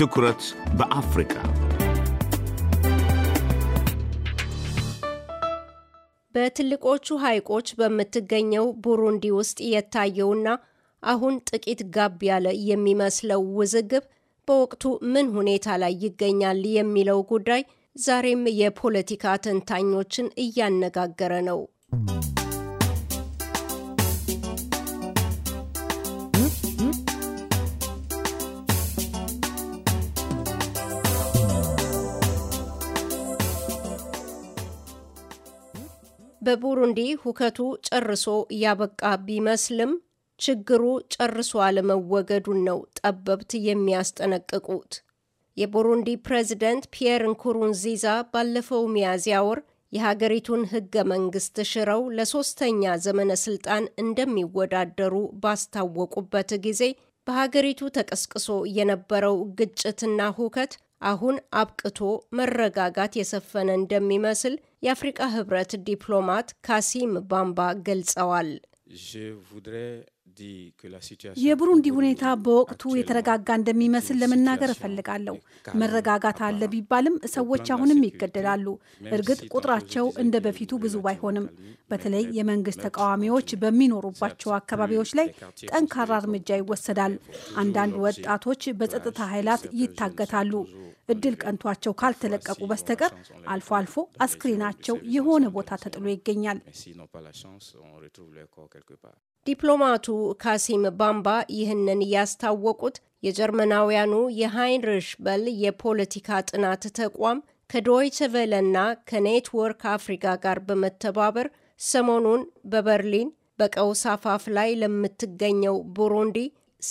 ትኩረት በአፍሪካ በትልቆቹ ሐይቆች በምትገኘው ቡሩንዲ ውስጥ የታየውና አሁን ጥቂት ጋብ ያለ የሚመስለው ውዝግብ በወቅቱ ምን ሁኔታ ላይ ይገኛል የሚለው ጉዳይ ዛሬም የፖለቲካ ተንታኞችን እያነጋገረ ነው። በቡሩንዲ ሁከቱ ጨርሶ እያበቃ ቢመስልም ችግሩ ጨርሶ አለመወገዱን ነው ጠበብት የሚያስጠነቅቁት። የቡሩንዲ ፕሬዝደንት ፒየር ንኩሩንዚዛ ባለፈው ሚያዝያ ወር የሀገሪቱን ህገ መንግስት ሽረው ለሶስተኛ ዘመነ ስልጣን እንደሚወዳደሩ ባስታወቁበት ጊዜ በሀገሪቱ ተቀስቅሶ የነበረው ግጭትና ሁከት አሁን አብቅቶ መረጋጋት የሰፈነ እንደሚመስል የአፍሪቃ ህብረት ዲፕሎማት ካሲም ባምባ ገልጸዋል። የቡሩንዲ ሁኔታ በወቅቱ የተረጋጋ እንደሚመስል ለመናገር እፈልጋለሁ። መረጋጋት አለ ቢባልም ሰዎች አሁንም ይገደላሉ። እርግጥ ቁጥራቸው እንደ በፊቱ ብዙ ባይሆንም፣ በተለይ የመንግስት ተቃዋሚዎች በሚኖሩባቸው አካባቢዎች ላይ ጠንካራ እርምጃ ይወሰዳል። አንዳንድ ወጣቶች በጸጥታ ኃይላት ይታገታሉ። እድል ቀንቷቸው ካልተለቀቁ በስተቀር አልፎ አልፎ አስክሬናቸው የሆነ ቦታ ተጥሎ ይገኛል። ዲፕሎማቱ ካሲም ባምባ ይህንን ያስታወቁት የጀርመናውያኑ የሃይንሪሽ በል የፖለቲካ ጥናት ተቋም ከዶይቸ ቬለና ከኔትወርክ አፍሪካ ጋር በመተባበር ሰሞኑን በበርሊን በቀውስ አፋፍ ላይ ለምትገኘው ቡሩንዲ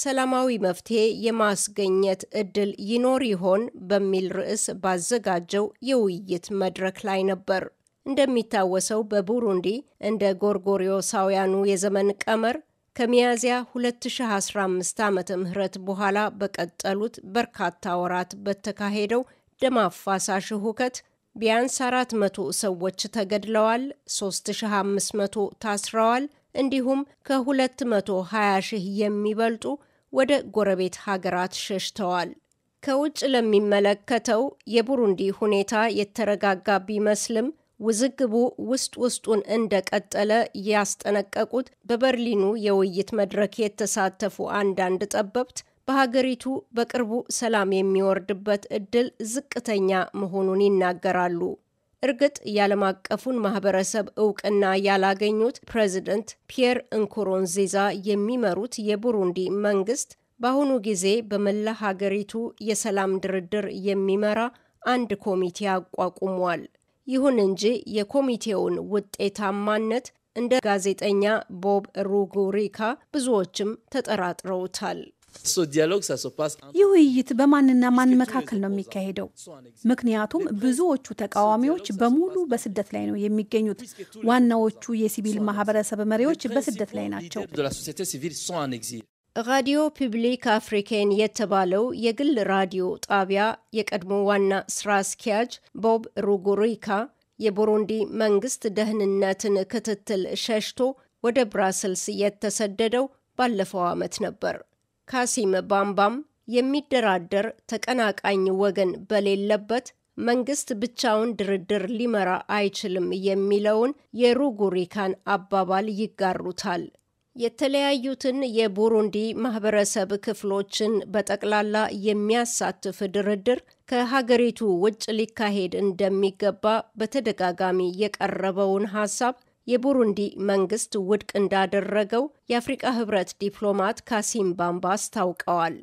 ሰላማዊ መፍትሄ የማስገኘት እድል ይኖር ይሆን በሚል ርዕስ ባዘጋጀው የውይይት መድረክ ላይ ነበር። እንደሚታወሰው በቡሩንዲ እንደ ጎርጎሪዮሳውያኑ የዘመን ቀመር ከሚያዝያ 2015 ዓ ምህረት በኋላ በቀጠሉት በርካታ ወራት በተካሄደው ደም አፋሳሽ ሁከት ቢያንስ 400 ሰዎች ተገድለዋል፣ 3500 ታስረዋል፣ እንዲሁም ከ220 ሺህ የሚበልጡ ወደ ጎረቤት ሀገራት ሸሽተዋል። ከውጭ ለሚመለከተው የቡሩንዲ ሁኔታ የተረጋጋ ቢመስልም ውዝግቡ ውስጥ ውስጡን እንደቀጠለ ያስጠነቀቁት በበርሊኑ የውይይት መድረክ የተሳተፉ አንዳንድ ጠበብት በሀገሪቱ በቅርቡ ሰላም የሚወርድበት እድል ዝቅተኛ መሆኑን ይናገራሉ። እርግጥ የዓለም አቀፉን ማህበረሰብ እውቅና ያላገኙት ፕሬዚደንት ፒየር እንኩሮንዚዛ የሚመሩት የቡሩንዲ መንግስት በአሁኑ ጊዜ በመላ ሀገሪቱ የሰላም ድርድር የሚመራ አንድ ኮሚቴ አቋቁሟል። ይሁን እንጂ የኮሚቴውን ውጤታማነት እንደ ጋዜጠኛ ቦብ ሩጉሪካ ብዙዎችም ተጠራጥረውታል። ይህ ውይይት በማንና ማን መካከል ነው የሚካሄደው? ምክንያቱም ብዙዎቹ ተቃዋሚዎች በሙሉ በስደት ላይ ነው የሚገኙት። ዋናዎቹ የሲቪል ማህበረሰብ መሪዎች በስደት ላይ ናቸው። ራዲዮ ፒብሊክ አፍሪኬን የተባለው የግል ራዲዮ ጣቢያ የቀድሞ ዋና ስራ አስኪያጅ ቦብ ሩጉሪካ የቡሩንዲ መንግስት ደህንነትን ክትትል ሸሽቶ ወደ ብራስልስ የተሰደደው ባለፈው ዓመት ነበር። ካሲም ባምባም የሚደራደር ተቀናቃኝ ወገን በሌለበት መንግስት ብቻውን ድርድር ሊመራ አይችልም የሚለውን የሩጉሪካን አባባል ይጋሩታል። የተለያዩትን የቡሩንዲ ማህበረሰብ ክፍሎችን በጠቅላላ የሚያሳትፍ ድርድር ከሀገሪቱ ውጭ ሊካሄድ እንደሚገባ በተደጋጋሚ የቀረበውን ሀሳብ የቡሩንዲ መንግስት ውድቅ እንዳደረገው የአፍሪቃ ህብረት ዲፕሎማት ካሲም ባምባ አስታውቀዋል።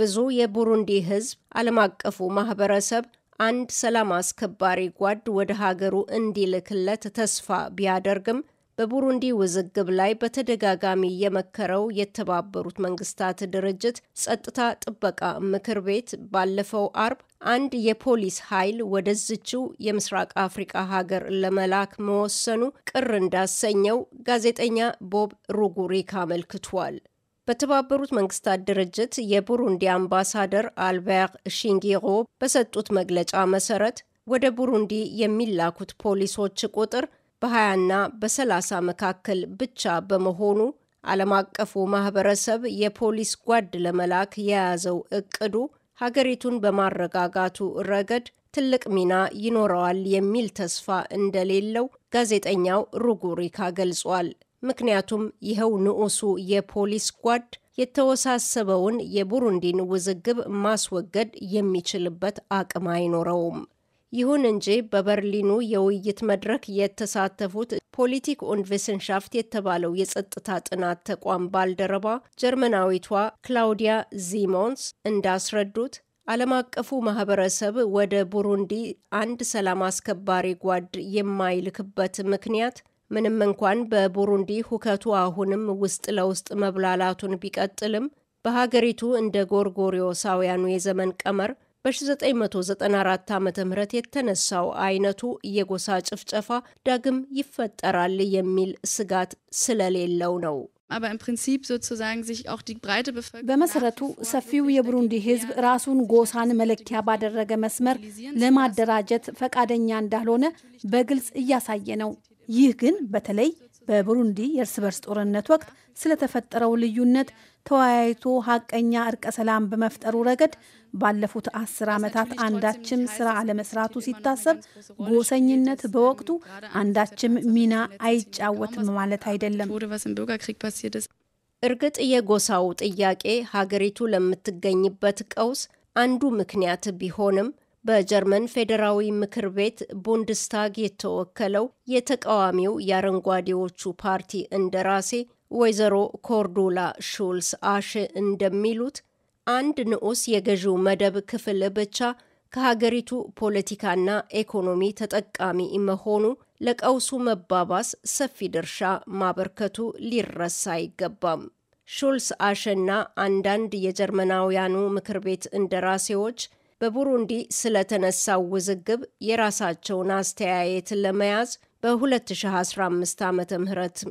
ብዙ የቡሩንዲ ህዝብ ዓለም አቀፉ ማህበረሰብ አንድ ሰላም አስከባሪ ጓድ ወደ ሀገሩ እንዲልክለት ተስፋ ቢያደርግም በቡሩንዲ ውዝግብ ላይ በተደጋጋሚ የመከረው የተባበሩት መንግስታት ድርጅት ጸጥታ ጥበቃ ምክር ቤት ባለፈው አርብ አንድ የፖሊስ ኃይል ወደዝችው የምስራቅ አፍሪቃ ሀገር ለመላክ መወሰኑ ቅር እንዳሰኘው ጋዜጠኛ ቦብ ሩጉሪክ አመልክቷል። በተባበሩት መንግስታት ድርጅት የቡሩንዲ አምባሳደር አልበር ሺንጊሮ በሰጡት መግለጫ መሰረት ወደ ቡሩንዲ የሚላኩት ፖሊሶች ቁጥር በ20ና በ30 መካከል ብቻ በመሆኑ ዓለም አቀፉ ማህበረሰብ የፖሊስ ጓድ ለመላክ የያዘው እቅዱ ሀገሪቱን በማረጋጋቱ ረገድ ትልቅ ሚና ይኖረዋል የሚል ተስፋ እንደሌለው ጋዜጠኛው ሩጉሪካ ገልጿል። ምክንያቱም ይኸው ንዑሱ የፖሊስ ጓድ የተወሳሰበውን የቡሩንዲን ውዝግብ ማስወገድ የሚችልበት አቅም አይኖረውም። ይሁን እንጂ በበርሊኑ የውይይት መድረክ የተሳተፉት ፖሊቲክ ኡን ቪስንሻፍት የተባለው የጸጥታ ጥናት ተቋም ባልደረባ ጀርመናዊቷ ክላውዲያ ዚሞንስ እንዳስረዱት ዓለም አቀፉ ማህበረሰብ ወደ ቡሩንዲ አንድ ሰላም አስከባሪ ጓድ የማይልክበት ምክንያት ምንም እንኳን በቡሩንዲ ሁከቱ አሁንም ውስጥ ለውስጥ መብላላቱን ቢቀጥልም በሀገሪቱ እንደ ጎርጎሪዮሳውያኑ የዘመን ቀመር በ1994 ዓ ም የተነሳው አይነቱ የጎሳ ጭፍጨፋ ዳግም ይፈጠራል የሚል ስጋት ስለሌለው ነው። በመሰረቱ ሰፊው የቡሩንዲ ሕዝብ ራሱን ጎሳን መለኪያ ባደረገ መስመር ለማደራጀት ፈቃደኛ እንዳልሆነ በግልጽ እያሳየ ነው። ይህ ግን በተለይ በቡሩንዲ የእርስ በርስ ጦርነት ወቅት ስለተፈጠረው ልዩነት ተወያይቶ ሀቀኛ እርቀ ሰላም በመፍጠሩ ረገድ ባለፉት አስር ዓመታት አንዳችም ስራ አለመስራቱ ሲታሰብ ጎሰኝነት በወቅቱ አንዳችም ሚና አይጫወትም ማለት አይደለም። እርግጥ የጎሳው ጥያቄ ሀገሪቱ ለምትገኝበት ቀውስ አንዱ ምክንያት ቢሆንም በጀርመን ፌዴራዊ ምክር ቤት ቡንድስታግ የተወከለው የተቃዋሚው የአረንጓዴዎቹ ፓርቲ እንደራሴ ወይዘሮ ኮርዱላ ሹልስ አሽ እንደሚሉት አንድ ንዑስ የገዢው መደብ ክፍል ብቻ ከሀገሪቱ ፖለቲካና ኢኮኖሚ ተጠቃሚ መሆኑ ለቀውሱ መባባስ ሰፊ ድርሻ ማበርከቱ ሊረሳ አይገባም። ሹልስ አሸና አንዳንድ የጀርመናውያኑ ምክር ቤት እንደራሴዎች በቡሩንዲ ስለተነሳው ውዝግብ የራሳቸውን አስተያየት ለመያዝ በ2015 ዓ ም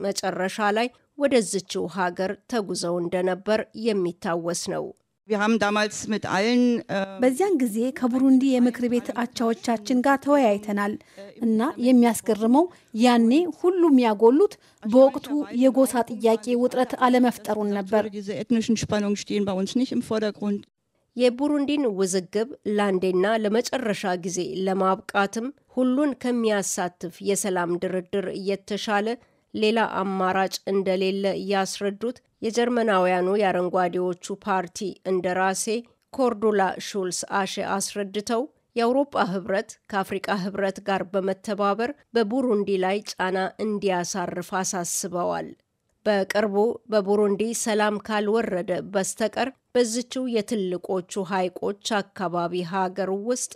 መጨረሻ ላይ ወደዝችው ሀገር ተጉዘው እንደነበር የሚታወስ ነው። äh, በዚያን ጊዜ ከቡሩንዲ የምክር ቤት አቻዎቻችን ጋር ተወያይተናል እና የሚያስገርመው ያኔ ሁሉም ያጎሉት በወቅቱ የጎሳ ጥያቄ ውጥረት አለመፍጠሩን ነበር። የቡሩንዲን ውዝግብ ላንዴና ለመጨረሻ ጊዜ ለማብቃትም ሁሉን ከሚያሳትፍ የሰላም ድርድር እየተሻለ ሌላ አማራጭ እንደሌለ ያስረዱት የጀርመናውያኑ የአረንጓዴዎቹ ፓርቲ እንደራሴ ኮርዶላ ሹልስ አሼ አስረድተው የአውሮፓ ህብረት ከአፍሪቃ ህብረት ጋር በመተባበር በቡሩንዲ ላይ ጫና እንዲያሳርፍ አሳስበዋል። በቅርቡ በቡሩንዲ ሰላም ካልወረደ በስተቀር በዝችው የትልቆቹ ሐይቆች አካባቢ ሀገር ውስጥ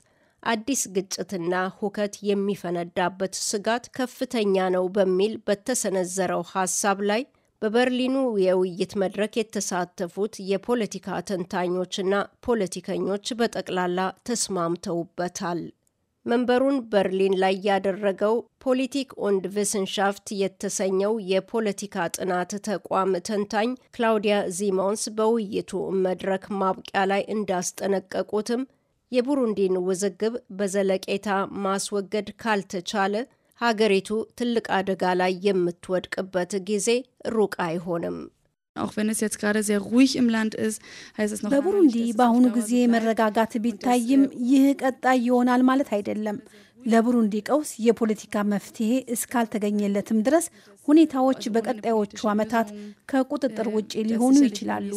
አዲስ ግጭትና ሁከት የሚፈነዳበት ስጋት ከፍተኛ ነው በሚል በተሰነዘረው ሀሳብ ላይ በበርሊኑ የውይይት መድረክ የተሳተፉት የፖለቲካ ተንታኞችና ፖለቲከኞች በጠቅላላ ተስማምተውበታል። መንበሩን በርሊን ላይ ያደረገው ፖሊቲክ ኦንድ ቪስንሻፍት የተሰኘው የፖለቲካ ጥናት ተቋም ተንታኝ ክላውዲያ ዚሞንስ በውይይቱ መድረክ ማብቂያ ላይ እንዳስጠነቀቁትም የቡሩንዲን ውዝግብ በዘለቄታ ማስወገድ ካልተቻለ ሀገሪቱ ትልቅ አደጋ ላይ የምትወድቅበት ጊዜ ሩቅ አይሆንም። Auch wenn es jetzt gerade sehr ruhig im Land ist, heißt es noch በቡሩንዲ በአሁኑ ጊዜ መረጋጋት ቢታይም ይህ ቀጣይ ይሆናል ማለት አይደለም። ለቡሩንዲ ቀውስ የፖለቲካ መፍትሄ እስካልተገኘለትም ድረስ ሁኔታዎች በቀጣዮቹ ዓመታት ከቁጥጥር ውጭ ሊሆኑ ይችላሉ።